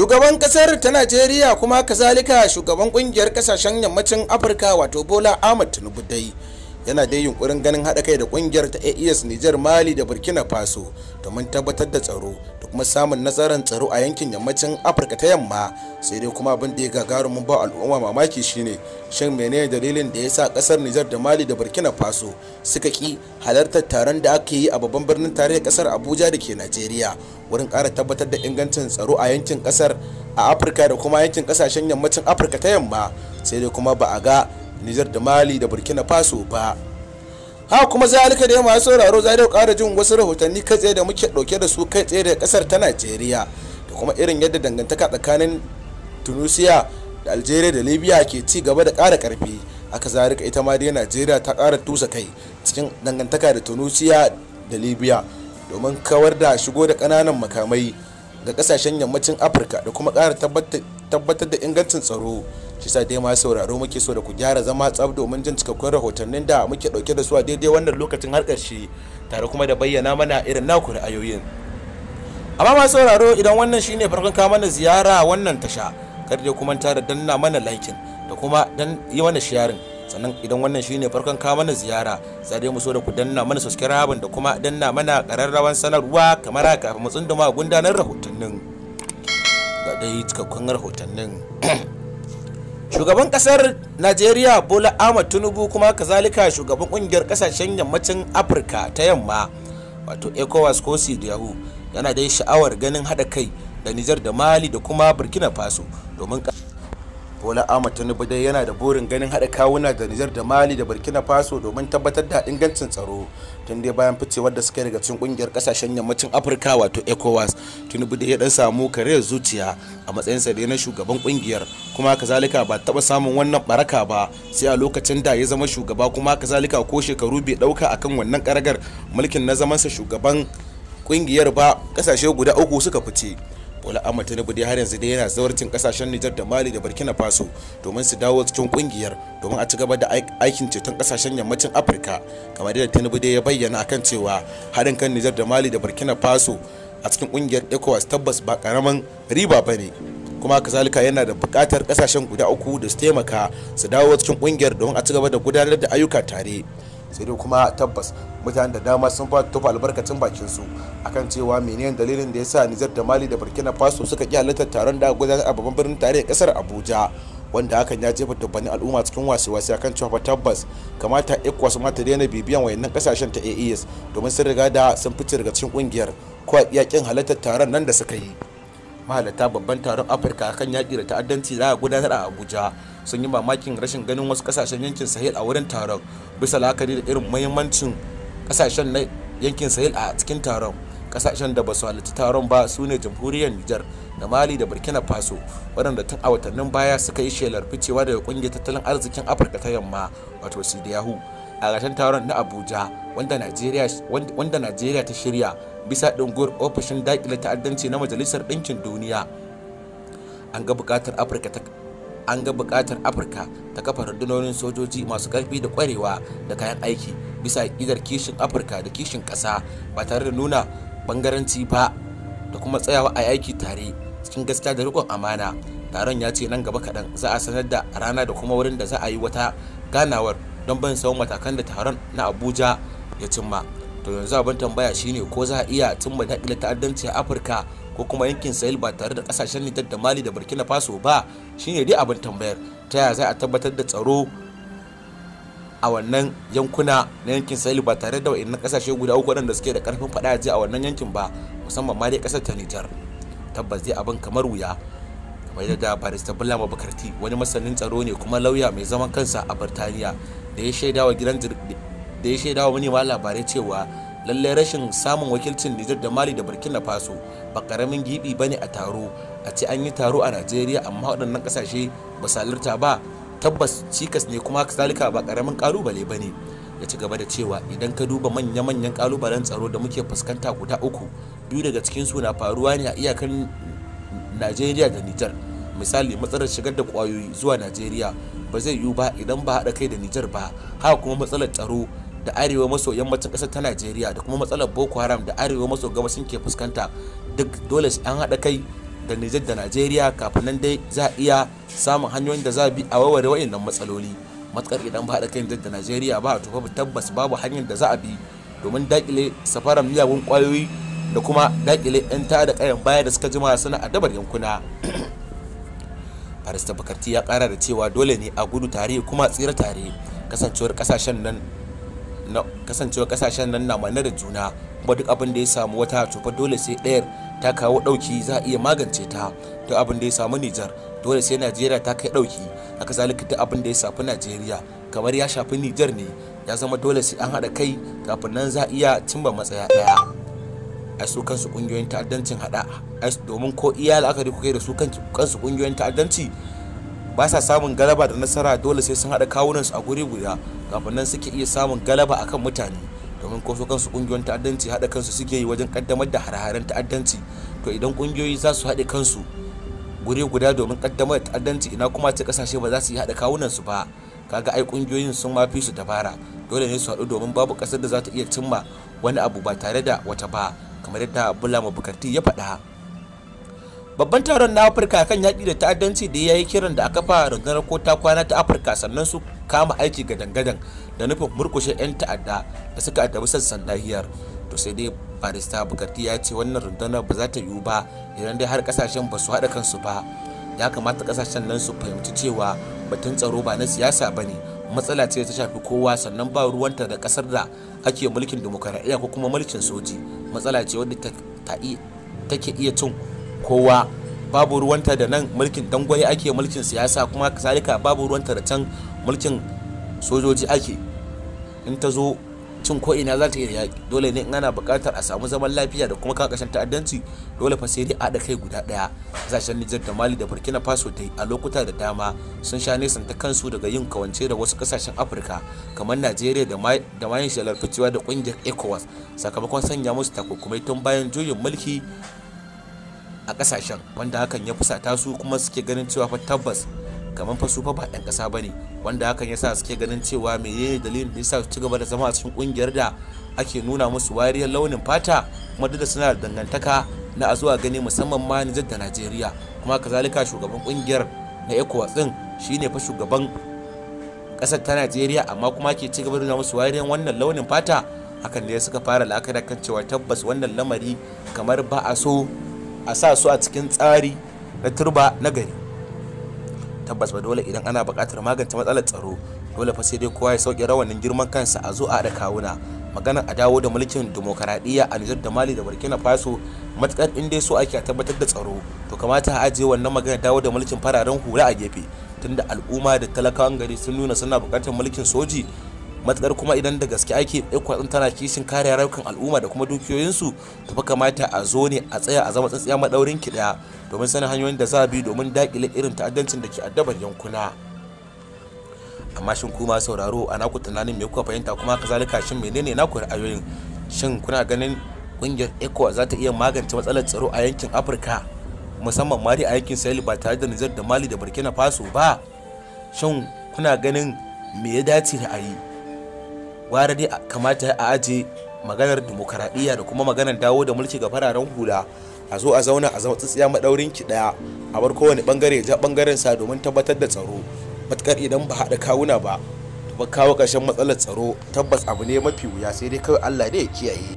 shugaban kasar ta najeriya kuma kazalika shugaban kungiyar kasashen yammacin afirka wato bola ahmad tinubu dai yana dai yunkurin ganin haɗa kai da kungiyar ta aes niger mali da burkina faso domin tabbatar da tsaro kuma samun nasarar tsaro a yankin yammacin afirka ta yamma sai dai kuma abin da ya gagarumin ba al'umma mamaki shine shin menene dalilin da ya sa kasar nijar da mali da burkina faso suka ki halartar taron da aka yi a babban birnin tarihin kasar abuja da ke najeriya wurin ƙara tabbatar da ingancin tsaro a yankin kasar a afirka da kuma yankin kasashen yammacin afirka ta yamma sai dai kuma ba a ga nijar da mali da burkina faso ba ha kuma zalika da masu sauraro za da kara jin wasu rahotanni kai tsaye da muke ɗauke da su kai tsaye da kasar ta najeriya da kuma irin yadda dangantaka tsakanin tunisia da algeria da libya ke ci gaba da ƙara ƙarfi haka zalika ita ma dai najeriya ta kara tusa kai cikin dangantaka da tunisia da libya domin kawar da shigo da kananan makamai ga kasashen yammacin afirka da kuma kara tabbatar da ingancin tsaro shi sa dai ma sauraro muke so da ku gyara zama tsab domin jin cikakkun rahotannin da muke dauke da su a daidai wannan lokacin har ƙarshe tare kuma da bayyana mana irin naku ra'ayoyin amma ma sauraro idan wannan shine farkon ka mana ziyara wannan tasha kar dai kuma da danna mana laikin da kuma dan yi mana sharing sannan idan wannan shine farkon ka mana ziyara za dai mu so da ku danna mana subscribe da kuma danna mana kararrawan sanarwa kamar haka mu tsunduma gundanar rahotannin ga dai cikakkun rahotannin shugaban kasar najeriya bola ahmad tinubu kuma kazalika shugaban kungiyar kasashen yammacin afirka ta yamma wato ecowas ko yahu yana da sha'awar ganin haɗa kai da nijar da mali da kuma burkina faso domin bola ahmad tinubu dai yana da burin ganin haɗa kawuna da nijar da mali da burkina faso domin tabbatar da ingancin tsaro tun dai bayan ficewar da suka daga cikin kungiyar kasashen yammacin afirka wato ecowas tinubu dai ya dan samu kare zuciya a matsayinsa da na shugaban kungiyar kuma kazalika ba taba samun wannan baraka ba sai a lokacin da ya zama shugaba kuma kazalika ko shekaru bai dauka akan wannan karagar mulkin na zamansa shugaban kungiyar ba kasashe guda uku suka fice bola ahmad tinubu dai har yanzu dai yana zawarcin kasashen nijar da mali da burkina faso domin su dawo cikin kungiyar domin a ci da aikin ceton kasashen yammacin afirka kamar da tinubu dai ya bayyana akan cewa haɗin kan nijar da mali da burkina faso a cikin kungiyar ecowas tabbas ba karaman riba ba ne kuma kazalika yana da buƙatar kasashen guda uku da su taimaka su dawo cikin kungiyar domin a cigaba da gudanar da ayyuka tare sai dai kuma tabbas mutane da dama sun tufa albarkacin bakin su akan cewa menene dalilin da yasa Nijar da Mali da Burkina Faso suka ki halartar taron da gudanar a babban birnin tarayyar kasar Abuja wanda hakan ya jefa dubbanin al'umma cikin wasi-wasi akan cewa tabbas kamata ECOWAS ma ta daina bibiyan wayannan kasashen ta AES domin sun riga da sun fice daga cikin kungiyar ko a iyakin halartar taron nan da suka yi. mahalarta babban taron afirka kan yaki da ta'addanci za a gudanar a abuja sun yi mamakin rashin ganin wasu kasashen yankin sahel a wurin taron bisa la'akari da irin mahimmancin kasashen na yankin sahil a cikin taron kasashen da ba su halarci taron ba su ne jamhuriyar nijar da mali da burkina faso waɗanda tun a watannin baya suka yi shelar ficewa daga ƙungiyar tattalin arzikin afirka ta yamma wato sidiyahu a ƙarshen taron na abuja wanda najeriya ta shirya bisa ɗunguwar ofishin daƙile ta'addanci na majalisar ɗinkin duniya an ga buƙatar afirka ta kafa rundunonin sojoji masu ƙarfi da ƙwarewa da kayan aiki bisa ƙidar kishin afirka da kishin ƙasa ba tare da nuna bangaranci ba da kuma tsayawa a aiki tare cikin gaskiya da rikon amana taron ya ce nan gaba kaɗan za a sanar da rana da kuma wurin da za a yi wata ganawar don ban sauran matakan da taron na abuja ya cimma to yanzu abin tambaya shine ko za a iya cimma daƙile ta'addanci a afirka ko kuma yankin sahel ba tare da kasashen nijar da mali da burkina faso ba shine dai abin tambayar ta yaya za a tabbatar da tsaro a wannan yankuna na yankin sahel ba tare da wa'annan kasashe guda uku waɗanda suke da karfin faɗa a wannan yankin ba musamman ma dai ƙasar ta nijar tabbas dai abin kamar wuya kamar da barista bulama bakarti wani masanin tsaro ne kuma lauya mai zaman kansa a birtaniya da ya shaida wa manema labarai cewa lallai rashin samun wakilcin Nijar da Mali da Burkina Faso ba karamin gibi bane a taro a ce an yi taro a Najeriya amma waɗannan ƙasashe ba salurta ba tabbas cikas ne kuma kasalika ba karamin kalubale bane ya ci gaba da cewa idan ka duba manya-manyan kalubalen tsaro da muke fuskanta guda uku biyu daga cikin su na faruwa ne a iyakan Najeriya da Nijar misali matsalar shigar da kwayoyi zuwa najeriya ba zai yiwu ba idan ba haɗa kai da nijar ba haka kuma matsalar tsaro da arewa maso yammacin ƙasar ta najeriya da kuma matsalar boko haram da arewa maso gabashin ke fuskanta duk dole an haɗa kai da nijar da najeriya kafin nan dai za a iya samun hanyoyin da za a bi a warware wayannan matsaloli matsalar idan ba haɗa kai da najeriya ba to tabbas babu hanyar da za a bi domin dakile safaran miyagun kwayoyi da kuma dakile 'yan tada kayan baya da suka jima suna a dabar yankuna barista bakarti ya kara da cewa dole ne a gudu tare kuma tsira tare kasancewar kasashen nan na kasancewar kasashen nan na mana da juna kuma duk abin da ya samu wata cufa dole sai ɗayar ta kawo ɗauki za a iya magance ta duk abin da ya samu Nijar dole sai Najeriya ta kai ɗauki haka zalika duk abin da ya shafi Najeriya kamar ya shafi Nijar ne ya zama dole sai an haɗa kai kafin nan za a iya cimma matsaya ɗaya. a su kansu kungiyoyin ta'addancin hada domin ko iya la'akari kuke da su kansu kungiyoyin ta'addanci ba sa samun galaba da nasara dole sai sun hada kawunansu a guri guda kafin nan suke iya samun galaba akan mutane domin ko su kansu kungiyoyin ta'addanci hada kansu suke yi wajen kaddamar da harharen ta'addanci to idan kungiyoyi za su haɗe kansu guri guda domin kaddamar da ta'addanci ina kuma ce kasashe ba za su yi hada kawunansu ba kaga ai kungiyoyin sun fi su dabara dole ne su haɗu domin babu ƙasar da za ta iya cimma wani abu ba tare da wata ba kamar yadda bulama mabukati ya faɗa babban taron na afirka kan yaƙi da ta'addanci da ya yi kiran da aka fara rundunar ko ta kwana ta afirka sannan su kama aiki gadan-gadan da nufin murkushe 'yan ta'adda da suka addabi sassan nahiyar to sai dai barista bukati ya ce wannan rundunar ba za ta yiwu ba idan dai har kasashen ba su haɗa kansu ba ya kamata kasashen nan su fahimci cewa batun tsaro ba na siyasa ba ne matsala ce ta shafi kowa sannan ba ruwanta da kasar da ake mulkin demokaradiyya ko kuma mulkin soji matsala ce wadda take iya cin kowa babu ruwanta da nan mulkin dangwai ake mulkin siyasa kuma kasalika babu ruwanta da can mulkin sojoji ake in ta zo cin ko ina za ta yi yaƙi dole ne in ana buƙatar a samu zaman lafiya da kuma kakashin ta'addanci dole fa sai dai a kai guda ɗaya kasashen Nijar da Mali da Burkina Faso dai a lokuta da dama sun sha nisan ta kansu daga yin kawance da wasu kasashen Afirka kamar Najeriya da mayan shelar ficewa da ƙungiyar ECOWAS sakamakon sanya musu takunkumai tun bayan juyin mulki a kasashen wanda hakan ya fusata su kuma suke ganin cewa fa tabbas kamar fa su fa ba ɗan ƙasa bane wanda hakan ya sa suke ganin cewa me ne dalilin da yasa su ci gaba da zama a cikin ƙungiyar da ake nuna musu wariyar launin fata kuma duk da suna da dangantaka na a zuwa gani musamman ma Nijar da Najeriya kuma kazalika shugaban ƙungiyar na ECOWAS din shine fa shugaban ƙasar ta Najeriya amma kuma ke ci gaba da nuna musu wariyar wannan launin fata hakan ya suka fara la'akari kan cewa tabbas wannan lamari kamar ba a so a sa su a cikin tsari na turba na gari tabbas ba dole idan ana buƙatar magance matsalar tsaro dole fa sai dai kowa ya sauke rawanin girman kansa a zo a da kawuna maganar a dawo da mulkin demokaradiyya a Nijar da Mali da Burkina Faso matukar in su so ake tabbatar da tsaro to kamata a ajiye wannan maganar dawo da mulkin fararen hula a gefe tunda al'umma da talakawan gari sun nuna suna buƙatar mulkin soji matsakar kuma idan da gaske ake ikon tana kishin kare rayukan al'umma da kuma dukiyoyinsu to fa kamata a zo ne a tsaya a zama tsintsiya madaurin ki daya domin sanin hanyoyin da za a bi domin dakile irin ta'addancin da ke addabar yankuna amma shin kuma sauraro a naku tunanin me kuka fahimta kuma kazalika shin menene naku ra'ayoyin shin kuna ganin kungiyar ecowas za ta iya magance matsalar tsaro a yankin afirka musamman ma a yankin sahel ba tare da nijar da mali da burkina faso ba shin kuna ganin me ya dace da a gwara ne kamata a aje maganar demokaradiyya da kuma maganar dawo da mulki ga fararen hula a zo a zauna a zama tsitsiya maɗaurin ki daya a bar kowane bangare ja bangaren sa domin tabbatar da tsaro matukar idan ba haɗa kawuna ba ba kawo ƙarshen matsalar tsaro tabbas abu ne mafi wuya sai dai kawai Allah ne ya kiyaye